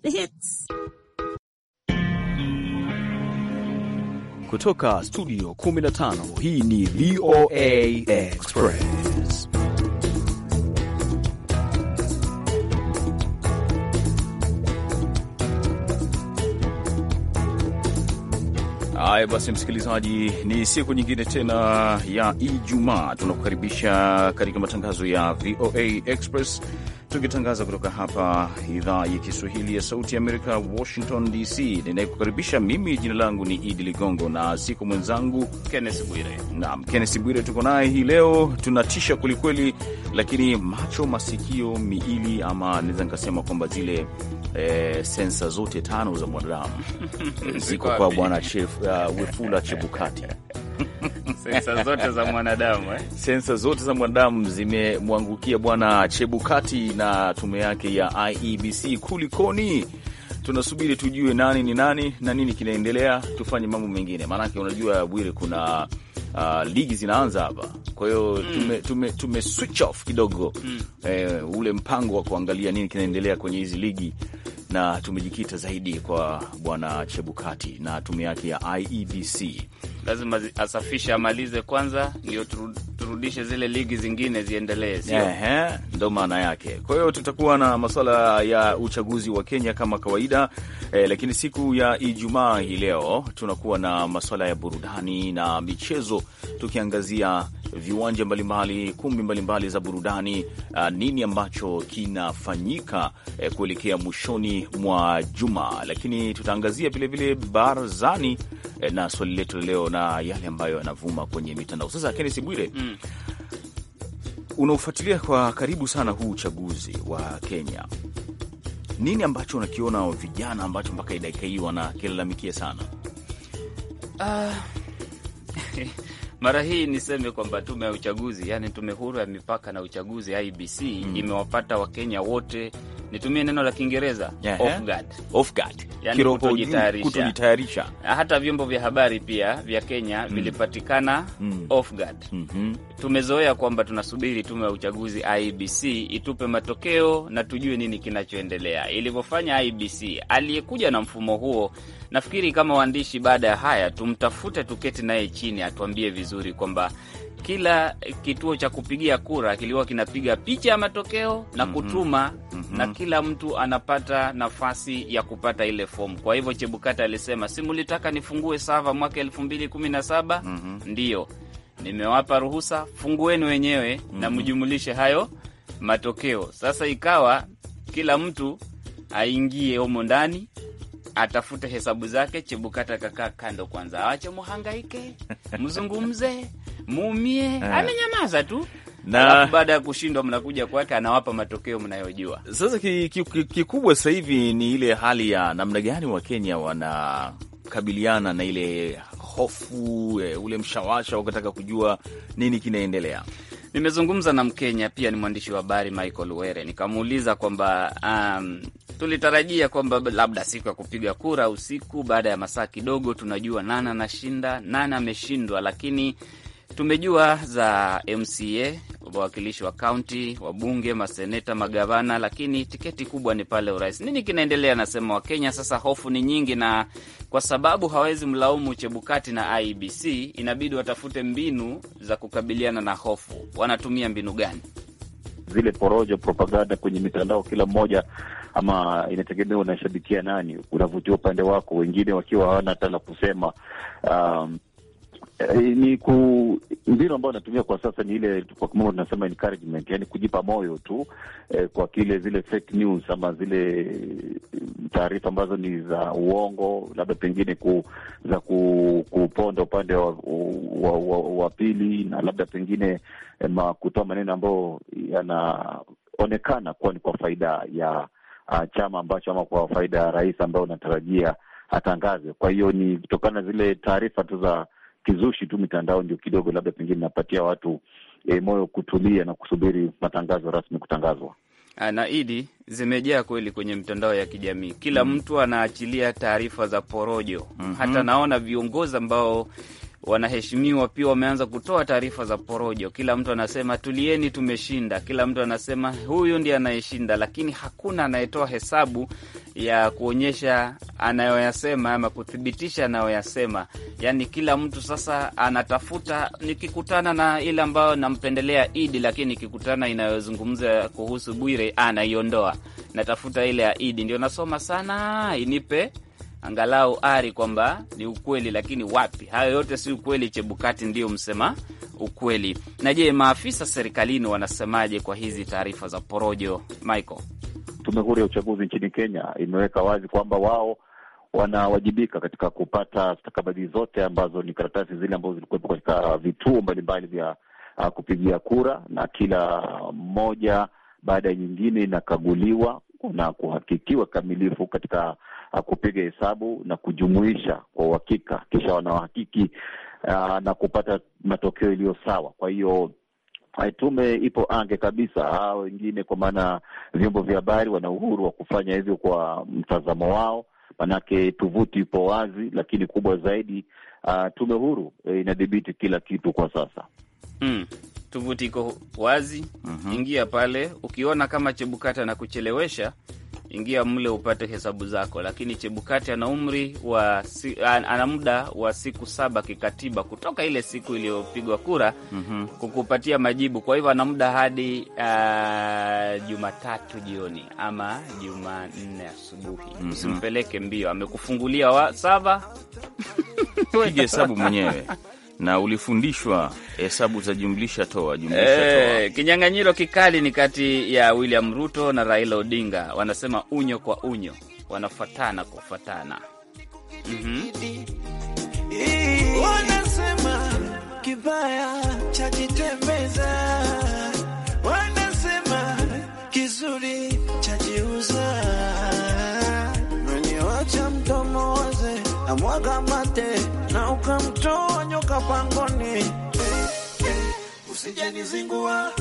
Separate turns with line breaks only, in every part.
the hits
kutoka studio 15. Hii ni VOA Express. Haya basi, msikilizaji, ni siku nyingine tena ya Ijumaa tunakukaribisha katika matangazo ya VOA Express tukitangaza kutoka hapa idhaa ya Kiswahili ya Sauti ya Amerika, Washington DC. Ninayekukaribisha mimi, jina langu ni Idi Ligongo na siko mwenzangu Kennes Bwire. Naam, Kennes Bwire tuko naye hii leo, tunatisha kwelikweli, lakini macho, masikio, miili, ama naweza nikasema kwamba zile e, sensa zote tano za mwanadamu ziko kwa bwana uh, Wefula Chebukati sensa zote za mwanadamu eh? Sensa zote za mwanadamu zimemwangukia Bwana Chebukati na tume yake ya IEBC. Kulikoni? Tunasubiri tujue nani ni nani na nini kinaendelea, tufanye mambo mengine, maanake unajua Bwire, kuna Uh, ligi zinaanza hapa, kwa hiyo mm. tume, tume, tume switch off kidogo mm. Eh, ule mpango wa kuangalia nini kinaendelea kwenye hizi ligi na tumejikita zaidi kwa bwana Chebukati na tume yake ya IEBC
lazima asafishe, amalize kwanza ndio turudishe zile ligi zingine ziendelee, sio? yeah. ndo maana yake. Kwa hiyo
tutakuwa na masuala ya uchaguzi wa Kenya kama kawaida eh, lakini siku ya Ijumaa hii leo tunakuwa na masuala ya burudani na michezo, tukiangazia viwanja mbalimbali, kumbi mbalimbali za burudani. Uh, nini ambacho kinafanyika eh, kuelekea mwishoni mwa juma, lakini tutaangazia vilevile barazani eh, na swali letu leo na yale ambayo yanavuma kwenye mitandao. Sasa Kenesi Bwire, mm unaofuatilia kwa karibu sana huu uchaguzi wa Kenya, nini ambacho
unakiona vijana ambacho mpaka dakika hii wanakilalamikia sana? Uh, mara hii niseme kwamba tume ya uchaguzi, yani tume huru ya mipaka na uchaguzi IBC, mm. imewapata Wakenya wote nitumie neno la Kiingereza
yaani kutojitayarisha.
Ah, hata vyombo vya habari pia vya Kenya mm. vilipatikana mm. off guard mm -hmm. Tumezoea kwamba tunasubiri tume ya uchaguzi IBC e itupe matokeo na tujue nini kinachoendelea. Ilivyofanya IBC e aliyekuja na mfumo huo, nafikiri kama waandishi, baada ya haya tumtafute, tuketi naye chini, atuambie vizuri kwamba kila eh, kituo cha kupigia kura kilikuwa kinapiga picha ya matokeo na mhm. kutuma mm -hmm. na kila mtu anapata nafasi ya kupata ile fomu. Kwa hivyo Chebukati alisema si mulitaka nifungue sava mwaka elfu mbili kumi na saba mm -hmm. ndiyo nimewapa ruhusa, fungueni wenyewe mm -hmm. na mhm. mjumulishe hayo matokeo. Sasa ikawa kila mtu aingie humo ndani atafute hesabu zake. Chebukati akakaa kando kwanza, awache muhangaike, mzungumze mumie yeah. Amenyamaza tu na baada ya kushindwa mnakuja kwake, anawapa matokeo mnayojua. Sasa
kikubwa ki, ki sasa hivi ni ile hali ya namna gani Wakenya wanakabiliana na ile hofu,
eh, ule mshawasha wakataka kujua nini kinaendelea. Nimezungumza na Mkenya pia ni mwandishi wa habari Michael Were, nikamuuliza kwamba um, tulitarajia kwamba labda siku ya kupiga kura usiku, baada ya masaa kidogo, tunajua nani anashinda nani ameshindwa, lakini Tumejua za MCA, wawakilishi wa kaunti, wabunge, maseneta, magavana, lakini tiketi kubwa ni pale urais. Nini kinaendelea? Anasema Wakenya sasa hofu ni nyingi, na kwa sababu hawezi mlaumu Chebukati na ibc inabidi watafute mbinu za kukabiliana na hofu. Wanatumia mbinu gani?
Zile porojo, propaganda kwenye mitandao, kila mmoja ama inategemea unashabikia nani, unavutia upande wako, wengine wakiwa hawana hata la kusema um, Eh, ni ku mbinu ambayo natumia kwa sasa ni ile kwa kimombo tunasema encouragement, yani kujipa moyo tu eh, kwa kile zile fake news ama zile eh, taarifa ambazo ni za uongo, labda pengine ku, za ku, kuponda upande wa, wa, wa, wa pili na labda pengine eh, ma, kutoa maneno ambayo yanaonekana kuwa ni kwa faida ya a, ah, chama ambacho ama kwa faida ya rais ambayo unatarajia atangaze. Kwa hiyo ni kutokana na zile taarifa tu za kizushi tu mitandao ndio kidogo labda pengine inapatia watu e, moyo kutulia na kusubiri matangazo rasmi kutangazwa.
Ah, na Idi, zimejaa kweli kwenye mitandao ya kijamii, kila mm. mtu anaachilia taarifa za porojo. mm -hmm. Hata naona viongozi ambao wanaheshimiwa pia wameanza kutoa taarifa za porojo. Kila mtu anasema tulieni, tumeshinda. Kila mtu anasema huyu ndiye anayeshinda, lakini hakuna anayetoa hesabu ya kuonyesha anayoyasema ama kuthibitisha anayoyasema. Yaani kila mtu sasa anatafuta, nikikutana na ile ambayo nampendelea Idi, lakini nikikutana inayozungumza kuhusu Bwire anaiondoa, natafuta ile ya Idi ndio nasoma sana, inipe angalau ari kwamba ni ukweli, lakini wapi, hayo yote si ukweli. Chebukati ndiyo msema ukweli. Na je, maafisa serikalini wanasemaje kwa hizi taarifa za porojo, Michael?
Tume huru ya uchaguzi nchini Kenya imeweka wazi kwamba wao wanawajibika katika kupata stakabadhi zote ambazo ni karatasi zile ambazo zilikuwepo katika vituo mbalimbali vya uh, kupigia kura, na kila mmoja baada ya nyingine inakaguliwa na kuhakikiwa kikamilifu katika kupiga hesabu na kujumuisha kwa uhakika, kisha wanaohakiki ah, na kupata matokeo iliyo sawa. Kwa hiyo eh, tume ipo ange kabisa. Hao wengine kwa maana vyombo vya habari wana uhuru wa kufanya hivyo kwa mtazamo wao, manake tuvuti ipo wazi, lakini kubwa zaidi uh, tume huru e, inadhibiti kila kitu kwa sasa
mm. Tovuti iko wazi, mm -hmm. Ingia pale ukiona kama Chebukata na kuchelewesha ingia mle upate hesabu zako. Lakini Chebukati ana umri wa si, ana muda wa siku saba kikatiba kutoka ile siku iliyopigwa kura mm -hmm. kukupatia majibu. Kwa hivyo ana muda hadi uh, Jumatatu jioni ama Jumanne asubuhi mm -hmm. Usimpeleke mbio, amekufungulia wa sava pige hesabu mwenyewe
na ulifundishwa hesabu za jumlisha toa, jumlisha e,
toa. Kinyang'anyiro kikali ni kati ya William Ruto na Raila Odinga, wanasema unyo kwa unyo, wanafatana kwa fatana. mm
-hmm. wanasema kibaya chajitembeza, wanasema kizuri chajiuza, wacha mdomo waze amwaga mwaga mate ukamtoa nyoka pangoni, usijenizingua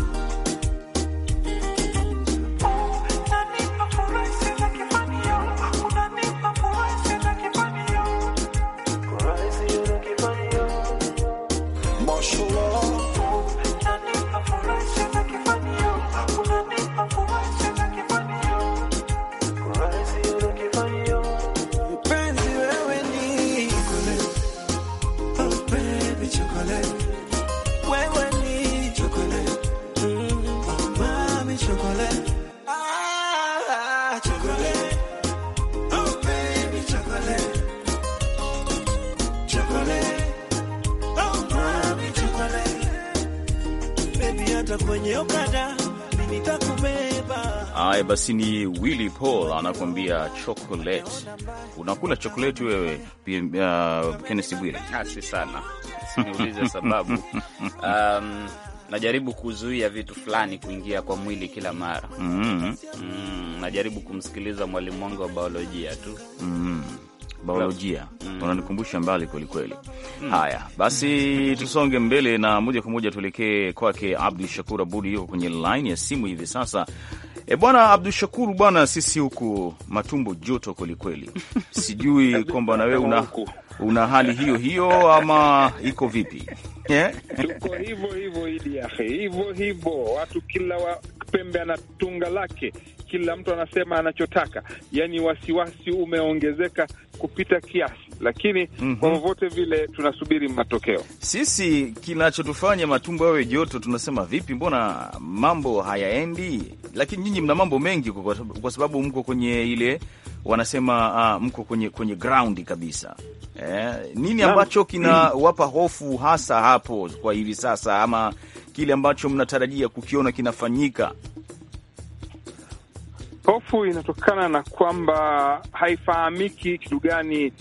Haya Basi ni Willy Paul anakuambia chokolate Unakula chokoleti wewe, uh, Bwire? Asi sana,
siniulize sababu. um, najaribu kuzuia vitu fulani kuingia kwa mwili kila mara. mm -hmm. mm, najaribu kumsikiliza mwalimu wangu wa biolojia tu.
mm -hmm biolojia mm. Unanikumbusha mbali kwelikweli mm. Haya basi, mm. tusonge mbele na moja kwa moja tuelekee kwake Abdu Shakur Abudi, yuko kwenye laini ya simu hivi sasa. E bwana Abdu Shakuru, bwana sisi huku matumbo joto kwelikweli, sijui kwamba na wewe una, una hali hiyo hiyo ama iko vipi? Eh?
Tuko hivyo hivyo, Idi hivyo hivyo, watu kila wa pembe ana tunga lake kila mtu anasema anachotaka, yaani wasiwasi umeongezeka kupita kiasi, lakini mm -hmm. kwa vyovyote vile tunasubiri matokeo.
Sisi kinachotufanya matumbo yawe joto, tunasema vipi, mbona mambo hayaendi? Lakini nyinyi mna mambo mengi, kwa sababu mko kwenye ile wanasema uh, mko kwenye kwenye ground kabisa eh, nini ambacho kinawapa hofu hasa hapo kwa hivi sasa, ama kile ambacho mnatarajia kukiona kinafanyika?
Hofu inatokana na kwamba haifahamiki kitu gani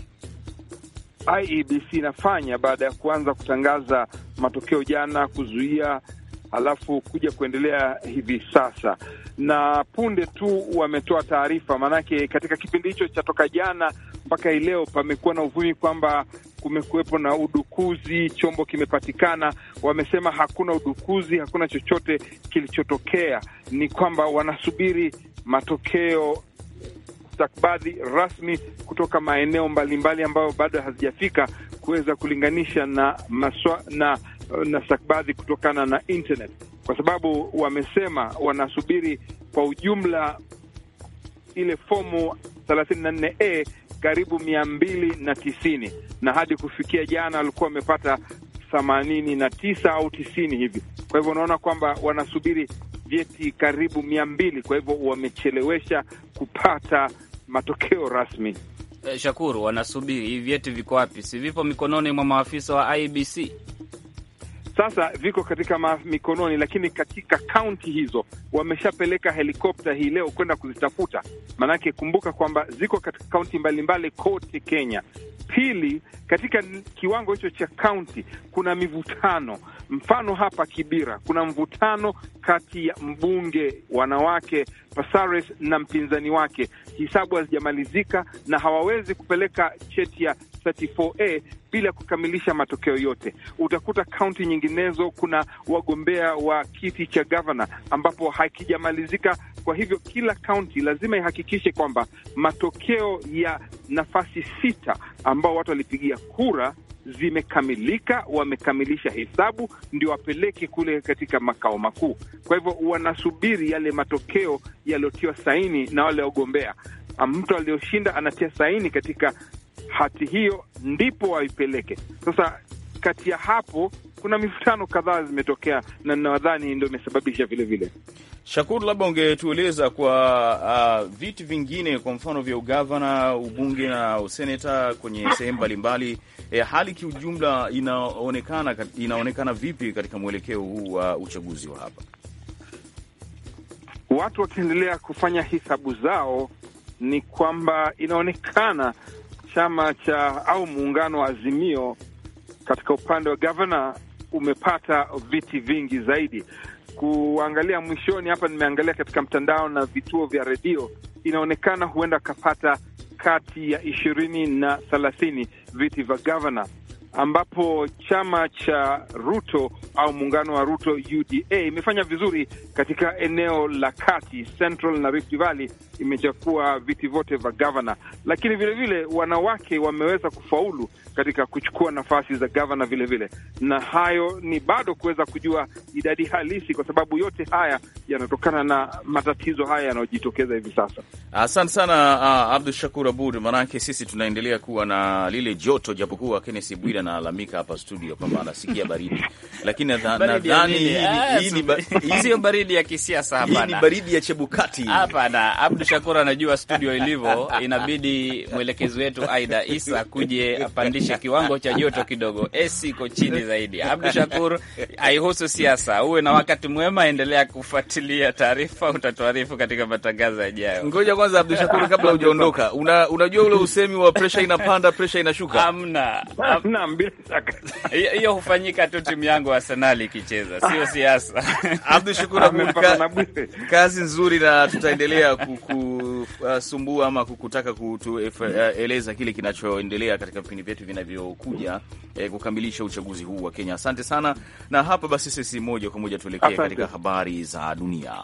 IEBC inafanya baada ya kuanza kutangaza matokeo jana, kuzuia halafu kuja kuendelea hivi sasa, na punde tu wametoa taarifa. Maanake katika kipindi hicho cha toka jana mpaka hii leo pamekuwa na uvumi kwamba kumekuwepo na udukuzi, chombo kimepatikana. Wamesema hakuna udukuzi, hakuna chochote kilichotokea, ni kwamba wanasubiri matokeo stakabadhi rasmi kutoka maeneo mbalimbali ambayo bado hazijafika kuweza kulinganisha na maswa, na na stakabadhi kutokana na internet, kwa sababu wamesema wanasubiri kwa ujumla ile fomu 34A karibu mia mbili na tisini na hadi kufikia jana walikuwa wamepata themanini na tisa au tisini hivi. Kwa hivyo unaona kwamba wanasubiri vyeti karibu mia mbili. Kwa hivyo wamechelewesha kupata matokeo rasmi.
E, Shakuru, wanasubiri hivi vyeti viko wapi? Si vipo mikononi mwa maafisa wa
IBC? Sasa viko katika mikononi, lakini katika kaunti hizo wameshapeleka helikopta hii leo kwenda kuzitafuta. Maanake kumbuka kwamba ziko katika kaunti mbalimbali kote Kenya. Pili, katika kiwango hicho cha kaunti kuna mivutano. Mfano hapa Kibira kuna mvutano kati ya mbunge wanawake Pasares na mpinzani wake, hisabu hazijamalizika na hawawezi kupeleka cheti ya 34A bila kukamilisha matokeo yote. Utakuta kaunti nyinginezo kuna wagombea wa kiti cha gavana ambapo hakijamalizika. Kwa hivyo kila kaunti lazima ihakikishe kwamba matokeo ya nafasi sita ambao watu walipigia kura zimekamilika, wamekamilisha hesabu ndio wapeleke kule katika makao makuu. Kwa hivyo wanasubiri yale matokeo yaliyotiwa saini na wale wagombea. Mtu aliyoshinda anatia saini katika hati hiyo, ndipo waipeleke. Sasa kati ya hapo kuna mivutano kadhaa zimetokea, na nadhani ndo imesababisha vilevile
Shakuru, labda ungetueleza kwa uh, viti vingine kwa mfano vya ugavana, ubunge na useneta kwenye sehemu mbalimbali, e, hali kiujumla inaonekana inaonekana vipi katika mwelekeo huu wa uh, uchaguzi wa hapa?
Watu wakiendelea kufanya hisabu zao, ni kwamba inaonekana chama cha au muungano wa Azimio katika upande wa gavana umepata viti vingi zaidi. Kuangalia mwishoni hapa, nimeangalia katika mtandao na vituo vya redio, inaonekana huenda akapata kati ya ishirini na thelathini viti vya gavana ambapo chama cha Ruto au muungano wa Ruto UDA imefanya vizuri katika eneo la kati Central na Rift Valley, imechukua viti vyote vya gavana, lakini vilevile vile, wanawake wameweza kufaulu katika kuchukua nafasi za gavana vilevile vile. Na hayo ni bado kuweza kujua idadi halisi, kwa sababu yote haya yanatokana na matatizo haya yanayojitokeza hivi sasa.
Asante sana, uh, Abdu Shakur Abud, maanake sisi tunaendelea kuwa na lile joto japokuwa Kennesi Bwira mmoja analalamika hapa studio
kwamba anasikia baridi, lakini nadhani ah, sio baridi ya kisiasa hapana, ni baridi ya chebukati hapana. Abdu Shakur anajua studio ilivyo, inabidi mwelekezi wetu Aida Isa kuje apandishe kiwango cha joto kidogo, AC iko chini zaidi. Abdu Shakur, aihusu siasa. Uwe na wakati mwema, endelea kufuatilia taarifa, utatuarifu katika matangazo yajayo. Ngoja kwanza, Abdu Shakur, kabla hujaondoka, unajua una ule usemi wa presha inapanda presha inashuka, amna bila shaka hiyo hufanyika tu timu yangu Arsenal ikicheza, sio siasa. Abdu Shukuru, kazi nzuri, na tutaendelea kukusumbua uh, ama kukutaka
kutueleza kile kinachoendelea katika vipindi vyetu vinavyokuja eh, kukamilisha uchaguzi huu wa Kenya. Asante sana, na hapa basi sisi moja kwa moja tuelekee katika habari za dunia.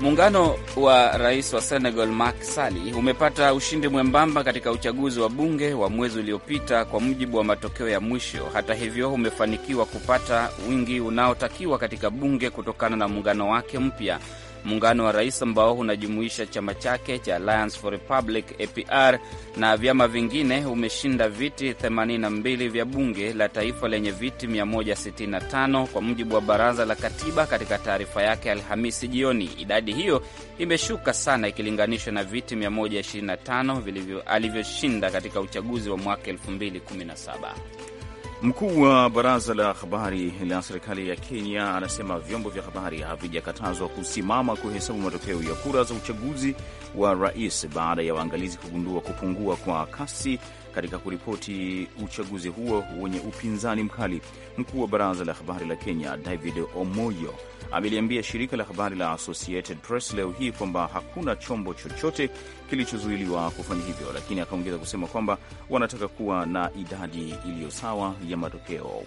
Muungano wa rais wa Senegal Macky Sall umepata ushindi mwembamba katika uchaguzi wa bunge wa mwezi uliopita kwa mujibu wa matokeo ya mwisho. Hata hivyo, umefanikiwa kupata wingi unaotakiwa katika bunge kutokana na muungano wake mpya muungano wa rais ambao unajumuisha chama chake cha Alliance for Republic APR na vyama vingine umeshinda viti 82 vya bunge la taifa lenye viti 165 kwa mujibu wa baraza la katiba katika taarifa yake Alhamisi jioni. Idadi hiyo imeshuka sana ikilinganishwa na viti 125 alivyoshinda katika uchaguzi wa mwaka 2017.
Mkuu wa baraza la habari la serikali ya Kenya anasema vyombo vya habari havijakatazwa kusimama kuhesabu matokeo ya kura za uchaguzi wa rais baada ya waangalizi kugundua kupungua kwa kasi katika kuripoti uchaguzi huo wenye upinzani mkali. Mkuu wa baraza la habari la Kenya David Omoyo ameliambia shirika la habari la Associated Press leo hii kwamba hakuna chombo chochote kilichozuiliwa kufanya hivyo, lakini akaongeza kusema kwamba
wanataka kuwa na idadi iliyo sawa ya matokeo.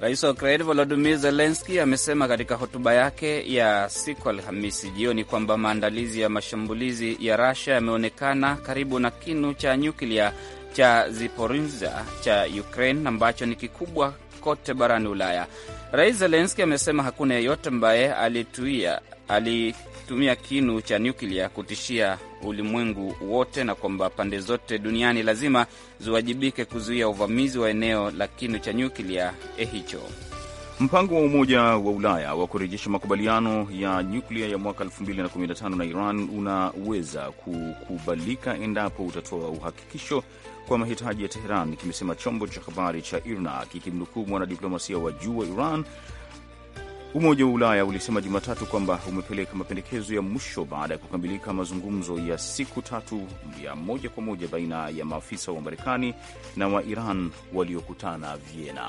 Rais wa ukrain Volodimir Zelenski amesema katika hotuba yake ya siku Alhamisi jioni kwamba maandalizi ya mashambulizi ya Russia yameonekana karibu na kinu cha nyuklia cha Zaporizhzhia cha Ukraine ambacho ni kikubwa kote barani Ulaya. Rais Zelenski amesema hakuna yeyote ambaye alituia alitumia kinu cha nyuklia kutishia ulimwengu wote na kwamba pande zote duniani lazima ziwajibike kuzuia uvamizi wa eneo la kinu cha nyuklia eh, hicho.
Mpango wa Umoja wa Ulaya wa kurejesha makubaliano ya nyuklia ya mwaka 2015 na Iran unaweza kukubalika endapo utatoa uhakikisho kwa mahitaji ya Teheran, kimesema chombo cha habari cha IRNA kikimnukuu mwanadiplomasia wa juu wa Iran. Umoja wa Ulaya ulisema Jumatatu kwamba umepeleka mapendekezo ya mwisho baada ya kukamilika mazungumzo ya siku tatu ya moja kwa moja baina ya maafisa wa Marekani na wa Iran waliokutana Vienna.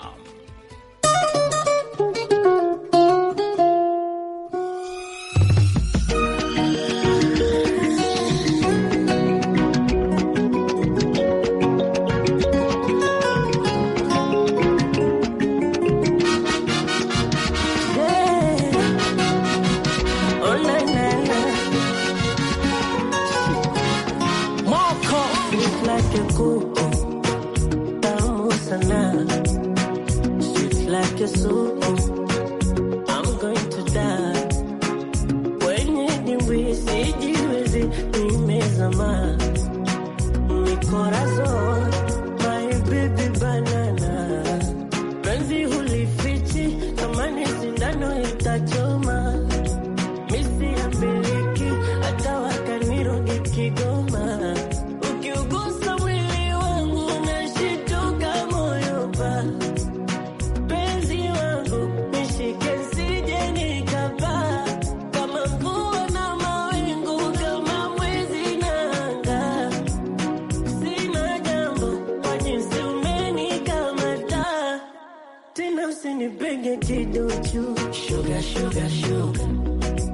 get you do you. Sugar, sugar, sugar.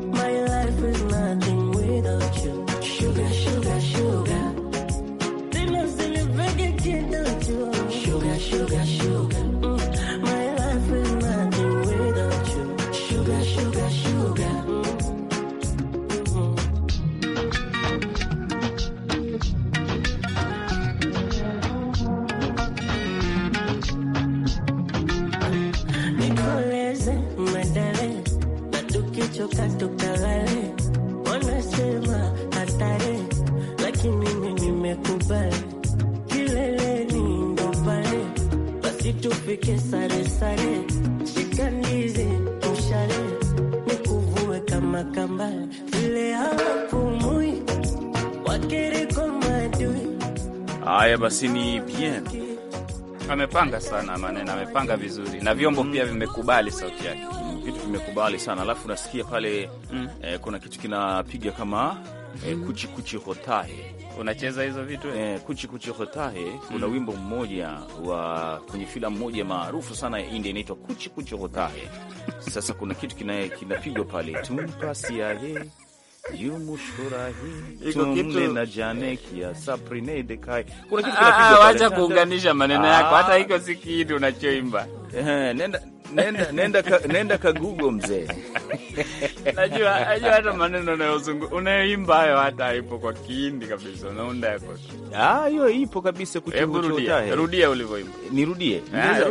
Haya basi, ni bien amepanga sana maneno, amepanga vizuri na vyombo mm, pia vimekubali
sauti yake, mm, vitu vimekubali sana. Alafu nasikia pale mm, eh, kuna kitu kinapiga kama eh, kuchi kuchi hotahe unacheza hizo vitu eh, kuchi kuchi hotahe kuna mm. wimbo mmoja wa kwenye filamu moja maarufu sana ya India inaitwa kuchi kuchi hotahe. Sasa kuna kitu kinapigwa kina pale tumpasiahe Wacha kuunganisha maneno yako, hata
iko si kitu unachoimba. Eh, nenda nenda, nenda, ka, nenda ka Google mzee. Najua najua hata maneno nayozungu unayoimba hayo hata haipo kwa kiindi kabisa, unaunda yako. Ah, hiyo ipo kabisa kuchukulia. rudia ulivyoimba.
Ah, nirudie.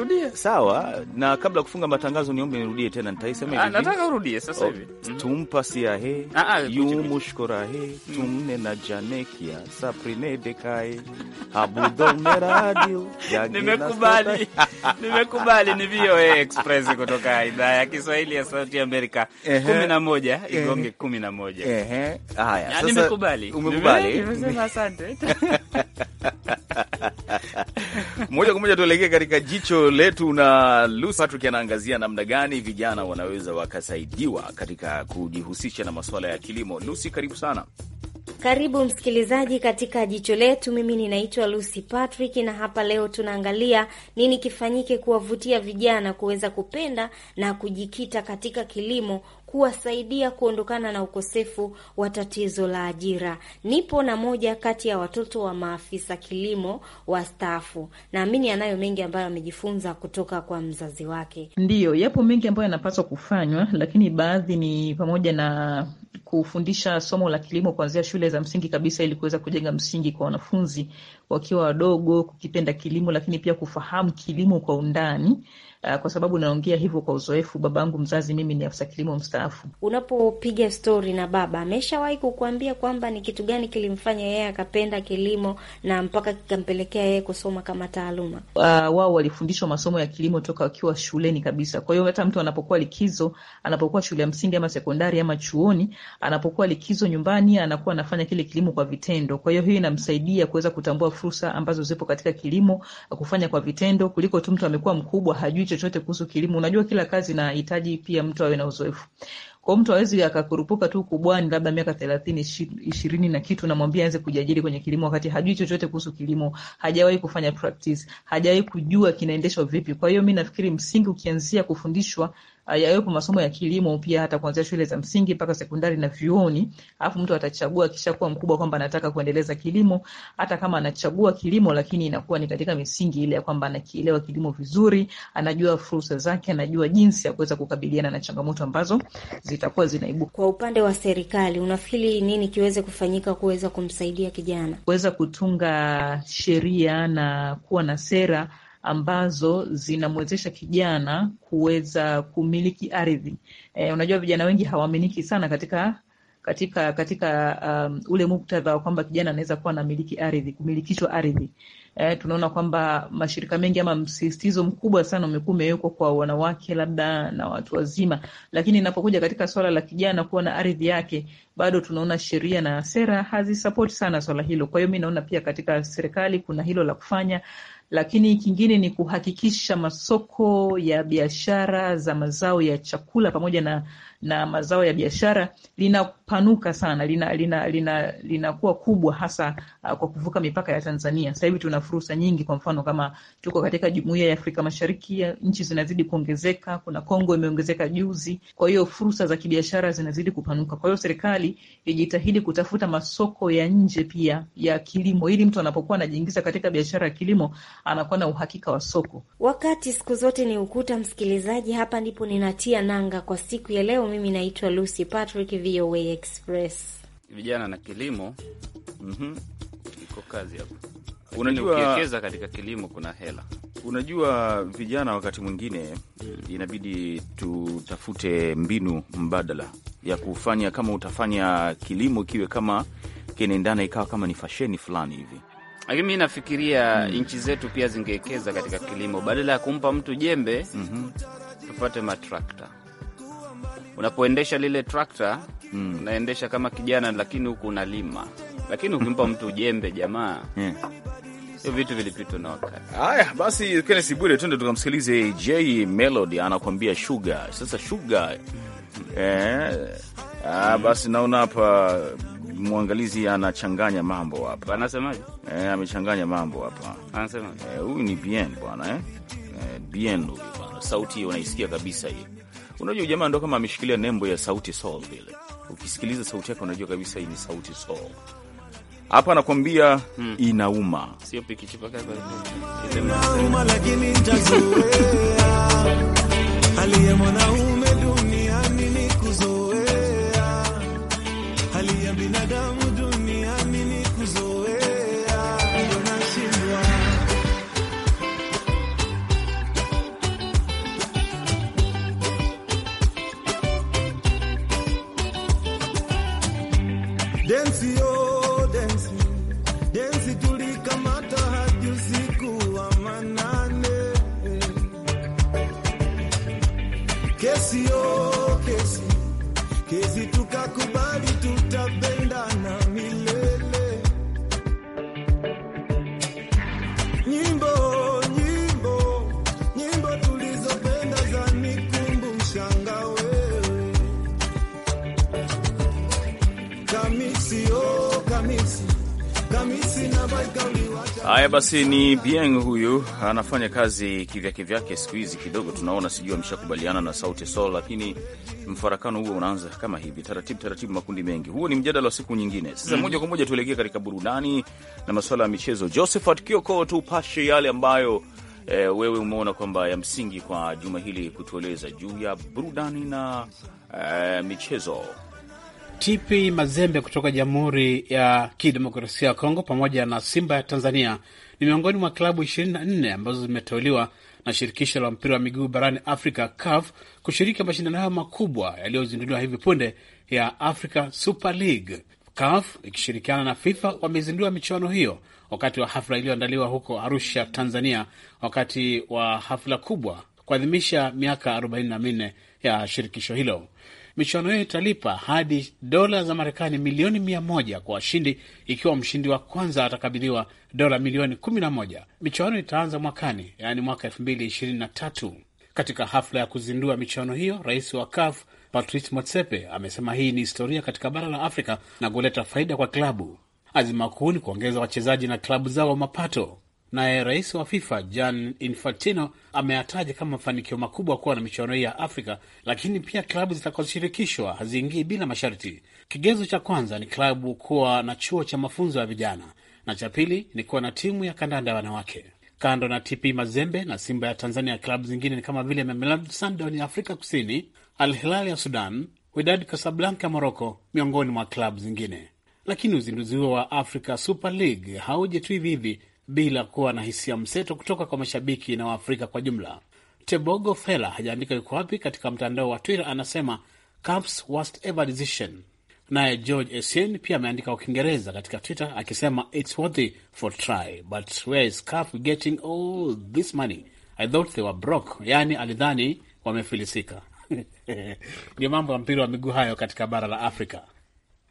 rudia. Sawa, na kabla ya kufunga matangazo niombe nirudie tena nitaisema ah, hivi. Ah, nataka urudie sasa oh, hivi. Mm. tumpa sia he, ah, ah yumushkora he, mm. tumne na janekia, saprine de Habudo meradio. Nimekubali.
Nimekubali ni VOA Express. Express kutoka idhaa ya Kiswahili ya Sauti Amerika. kumi na moja igonge kumi na moja. Haya, yaani nimekubali, umekubali, nimesema asante.
Moja kwa moja tuelekee katika jicho letu, na Lucy Patrick anaangazia namna gani vijana wanaweza wakasaidiwa katika kujihusisha na masuala ya kilimo. Lucy, karibu sana.
Karibu msikilizaji katika jicho letu. Mimi ninaitwa Lucy Patrick, na hapa leo tunaangalia nini kifanyike kuwavutia vijana kuweza kupenda na kujikita katika kilimo kuwasaidia kuondokana na ukosefu wa tatizo la ajira. Nipo na moja kati ya watoto wa maafisa kilimo wastaafu, naamini anayo mengi ambayo amejifunza kutoka kwa mzazi wake.
Ndiyo, yapo mengi ambayo yanapaswa kufanywa, lakini baadhi ni pamoja na kufundisha somo la kilimo kuanzia shule za msingi kabisa ili kuweza kujenga msingi kwa wanafunzi wakiwa wadogo, kukipenda kilimo, lakini pia kufahamu kilimo kwa undani, ah, kwa sababu naongea hivyo kwa uzoefu. Babangu mzazi mimi ni afisa kilimo mstaafu.
Unapopiga stori na baba, ameshawahi kukuambia kwamba ni kitu gani kilimfanya yeye akapenda kilimo na mpaka kikampelekea yeye kusoma kama taaluma?
Uh, wao walifundishwa masomo ya kilimo toka wakiwa shuleni kabisa. Kwa hiyo hata mtu anapokuwa likizo, anapokuwa shule ya msingi ama sekondari ama chuoni, anapokuwa likizo nyumbani, anakuwa anafanya kile kilimo kwa vitendo. Kwa hiyo hiyo inamsaidia kuweza kutambua fursa ambazo zipo katika kilimo, kufanya kwa vitendo, kuliko tu mtu amekuwa mkubwa hajui chochote kuhusu kilimo. Unajua kila kazi inahitaji pia mtu awe na uzoefu kwa mtu awezi akakurupuka tu kubwani labda miaka thelathini ishirini na kitu, namwambia aanze kujiajiri kwenye kilimo wakati hajui chochote kuhusu kilimo, hajawahi kufanya practice, hajawahi kujua kinaendeshwa vipi. Kwa hiyo mi nafikiri msingi ukianzia kufundishwa yawepo masomo ya kilimo pia hata kuanzia shule za msingi mpaka sekondari na vyuoni, alafu mtu atachagua kisha kuwa mkubwa kwamba anataka kuendeleza kilimo. Hata kama anachagua kilimo, lakini inakuwa ni katika misingi ile ya kwamba anakielewa kilimo vizuri, anajua fursa zake, anajua jinsi ya kuweza kukabiliana na changamoto ambazo zitakuwa zinaibuka.
Kwa upande wa serikali, unafikiri nini kiweze kufanyika kuweza kumsaidia kijana
kuweza kutunga sheria na kuwa na sera ambazo zinamwezesha kijana kuweza kumiliki ardhi. E, unajua vijana wengi hawaaminiki sana katika katika katika um, ule muktadha wa kwamba kijana anaweza kuwa anamiliki ardhi, kumilikishwa ardhi. E, tunaona kwamba mashirika mengi ama msisitizo mkubwa sana umekuwa umewekwa kwa wanawake labda na watu wazima, lakini inapokuja katika swala la kijana kuwa na ardhi yake, bado tunaona sheria na sera hazisapoti sana swala hilo. Kwa hiyo mi naona pia katika serikali kuna hilo la kufanya lakini kingine ni kuhakikisha masoko ya biashara za mazao ya chakula pamoja na, na mazao ya biashara linapanuka sana, linakuwa lina, lina, lina kubwa hasa uh, kwa kuvuka mipaka ya Tanzania. Sasa hivi tuna fursa nyingi, kwa mfano kama tuko katika jumuiya ya Afrika Mashariki, nchi zinazidi kuongezeka. Kuna Kongo imeongezeka juzi, kwa hiyo fursa za kibiashara zinazidi kupanuka. Kwa hiyo serikali ijitahidi kutafuta masoko ya nje pia ya kilimo, ili mtu anapokuwa anajiingiza katika biashara ya kilimo anakuwa na uhakika wa soko.
Wakati siku zote ni ukuta, msikilizaji, hapa ndipo ninatia nanga kwa siku ya leo. Mimi naitwa Lucy Patrick, VOA Express.
Vijana
na kilimo, mm-hmm. Iko kazi hapa. Unajua, ukiwekeza katika kilimo kuna hela.
Unajua vijana wakati mwingine mm. inabidi tutafute mbinu mbadala ya kufanya, kama utafanya kilimo kiwe kama kinaendana, ikawa kama ni fasheni fulani hivi.
Lakini mi nafikiria mm. nchi zetu pia zingewekeza katika kilimo, badala ya kumpa mtu jembe mm -hmm. tupate matrakta. Unapoendesha lile trakta mm. unaendesha kama kijana, lakini huku unalima. Lakini ukimpa mtu jembe, jamaa hmm. yeah. Vitu vilipitwa na wakati.
Haya basi, Kenesi Bwire, tuende tukamsikilize J Melody anakuambia shuga. Sasa shuga, hmm. eh, ah, basi naona hapa mwangalizi anachanganya mambo hapa. Anasemaje? Eh, amechanganya mambo hapa.
anasemaje? Eh, huyu
ni Bien bwana eh? Eh, Bien huyu bwana, sauti unaisikia kabisa hii. Unajua jamaa ndo kama ameshikilia nembo ya Sauti soul vile. Ukisikiliza sauti yake unajua kabisa hii ni Sauti soul. Hapa anakwambia hmm, inauma. Sio piki chupa kaza. Inauma lakini nitazoea.
Aliyemwona
Haya basi, ni Bien huyu anafanya kazi kivyake vyake. Siku hizi kidogo tunaona, sijui ameshakubaliana na Sauti Sol, lakini mfarakano huo unaanza kama hivi taratibu taratibu, makundi mengi. Huo ni mjadala wa siku nyingine. Sasa mm-hmm. moja kwa moja tuelekee katika burudani na masuala ya michezo. Josephat Kioko, tupashe yale ambayo e, wewe umeona kwamba ya msingi kwa juma hili kutueleza juu ya
burudani na e, michezo tp Mazembe kutoka Jamhuri ya Kidemokrasia ya Kongo pamoja na Simba ya Tanzania ni miongoni mwa klabu 24 ambazo zimeteuliwa na shirikisho la mpira wa miguu barani Afrika, CAF, kushiriki mashindano hayo makubwa yaliyozinduliwa hivi punde ya Africa Super League. CAF ikishirikiana na FIFA wamezindua michuano hiyo wakati wa hafla iliyoandaliwa huko Arusha, Tanzania, wakati wa hafla kubwa kuadhimisha miaka 44 ya shirikisho hilo michuano hiyo italipa hadi dola za Marekani milioni mia moja kwa washindi, ikiwa mshindi wa kwanza atakabiliwa dola milioni kumi na moja. Michuano itaanza mwakani, yaani mwaka elfu mbili ishirini na tatu. Katika hafla ya kuzindua michuano hiyo, rais wa CAF Patrice Motsepe amesema hii ni historia katika bara la Afrika na kuleta faida kwa klabu. Azima kuu ni kuongeza wachezaji na klabu zao mapato. Naye rais wa FIFA Jan Infantino ameyataja kama mafanikio makubwa kuwa na michuano hii ya Afrika, lakini pia klabu zitakazoshirikishwa haziingii bila masharti. Kigezo cha kwanza ni klabu kuwa na chuo cha mafunzo ya vijana na cha pili ni kuwa na timu ya kandanda ya wanawake. Kando na TP Mazembe na Simba ya Tanzania, ya klabu zingine ni kama vile Mamelodi Sundowns ya Afrika Kusini, Al Hilal ya Sudan, Wydad Casablanca Moroko, miongoni mwa klabu zingine. Lakini uzinduzi huo wa Africa Super League haujetu hivi hivi, bila kuwa na hisia mseto kutoka kwa mashabiki na Waafrika kwa jumla. Tebogo Fela hajaandika yuko wapi katika mtandao wa Twitter, anasema Caps worst ever decision. Naye George Essien pia ameandika kwa Kiingereza katika Twitter akisema it's worthy for try but where is Cap getting all this money I thought they were broke. Yaani alidhani wamefilisika. Ndio mambo ya mpira wa miguu hayo katika bara la Afrika.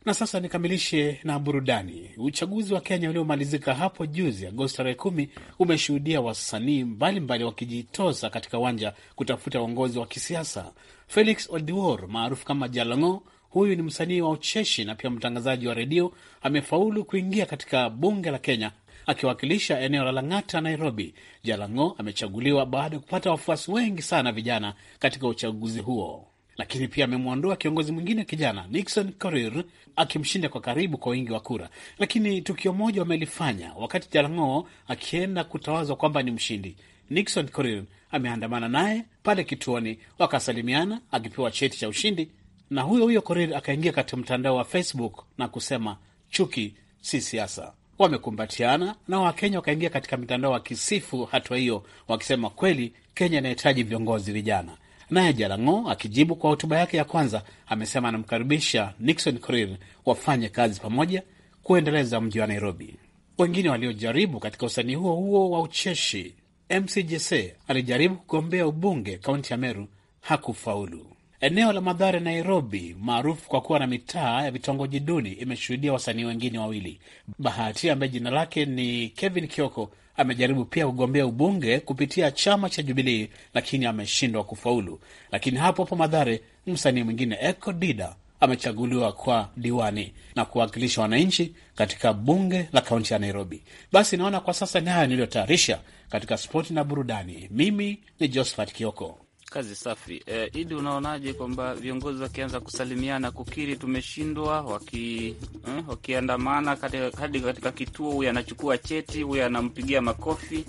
Na sasa nikamilishe na burudani. Uchaguzi wa Kenya uliomalizika hapo juzi Agosti tarehe kumi umeshuhudia wasanii mbalimbali wakijitosa katika uwanja kutafuta uongozi wa kisiasa. Felix Odiwor maarufu kama Jalongo, huyu ni msanii wa ucheshi na pia mtangazaji wa redio, amefaulu kuingia katika bunge la Kenya akiwakilisha eneo la Lang'ata, Nairobi. Jalang'o amechaguliwa baada ya kupata wafuasi wengi sana vijana katika uchaguzi huo lakini pia amemwondoa kiongozi mwingine kijana Nixon Korir akimshinda kwa karibu kwa wingi wa kura. Lakini tukio moja wamelifanya wakati Jalang'o akienda kutawazwa kwamba ni mshindi. Nixon Korir ameandamana naye pale kituoni, wakasalimiana akipewa cheti cha ushindi, na huyo huyo Korir akaingia katika mtandao wa Facebook na kusema chuki si siasa. Wamekumbatiana na Wakenya wakaingia katika mitandao wakisifu hatua hiyo, wakisema kweli Kenya inahitaji viongozi vijana. Naye Jalang'o akijibu kwa hotuba yake ya kwanza amesema anamkaribisha Nixon Korir wafanye kazi pamoja kuendeleza mji wa Nairobi. Wengine waliojaribu katika usanii huo huo wa ucheshi, mcjc alijaribu kugombea ubunge kaunti ya Meru, hakufaulu. Eneo la madhare Nairobi, maarufu kwa kuwa na mitaa ya vitongoji duni, imeshuhudia wasanii wengine wawili. Bahati ambaye jina lake ni Kevin Kioko Amejaribu pia kugombea ubunge kupitia chama cha Jubilii lakini ameshindwa kufaulu. Lakini hapo hapo Madhare, msanii mwingine Eko Dida amechaguliwa kwa diwani na kuwakilisha wananchi katika bunge la kaunti ya Nairobi. Basi naona kwa sasa ni haya niliyotayarisha katika spoti na burudani. Mimi ni Josephat Kioko.
Kazi safi. E, Idi, unaonaje kwamba viongozi wakianza kusalimiana, kukiri tumeshindwa, waki eh, wakiandamana hadi katika kituo, huyu anachukua cheti, huyu anampigia makofi,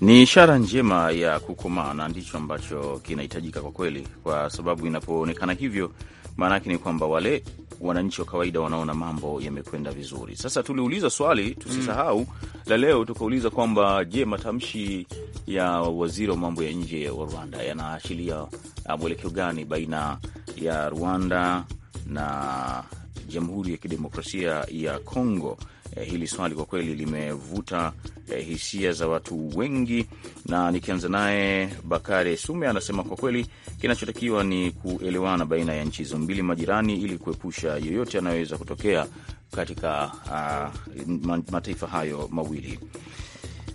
ni ishara njema ya kukomaa, na ndicho ambacho kinahitajika kwa kweli, kwa sababu inapoonekana hivyo maanake ni kwamba wale wananchi wa kawaida wanaona mambo yamekwenda vizuri. Sasa tuliuliza swali, tusisahau mm, la leo tukauliza kwamba je, matamshi ya waziri wa mambo ya nje wa Rwanda yanaashiria ah, mwelekeo gani baina ya Rwanda na Jamhuri ya Kidemokrasia ya Kongo? eh, hili swali kwa kweli limevuta eh, hisia za watu wengi, na nikianza naye Bakare Sume anasema kwa kweli kinachotakiwa ni kuelewana baina ya nchi hizo mbili majirani, ili kuepusha yoyote yanayoweza kutokea
katika uh, mataifa hayo mawili.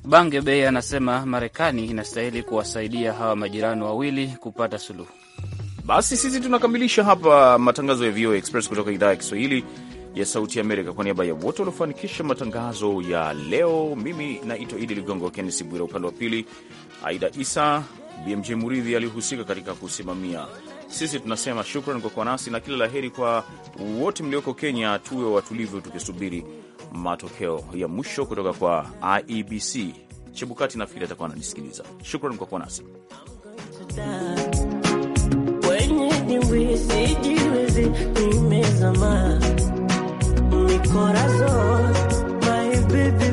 Bange Bei anasema Marekani inastahili kuwasaidia hawa majirani wawili kupata suluhu.
Basi sisi tunakamilisha hapa matangazo ya VOA Express kutoka idhaa ya Kiswahili ya Sauti ya Amerika. Kwa niaba ya wote waliofanikisha matangazo ya leo, mimi naitwa Idi Ligongo, Kennesi Bwira upande wa pili, Aida Isa BMJ Muridhi alihusika katika kusimamia. Sisi tunasema shukran kwa kuwa nasi na kila la heri kwa wote mlioko Kenya. Tuwe watulivu tukisubiri matokeo ya mwisho kutoka kwa IEBC. Chebukati nafikiri atakuwa ananisikiliza. Shukran kwa kuwa nasi
corazón, my baby.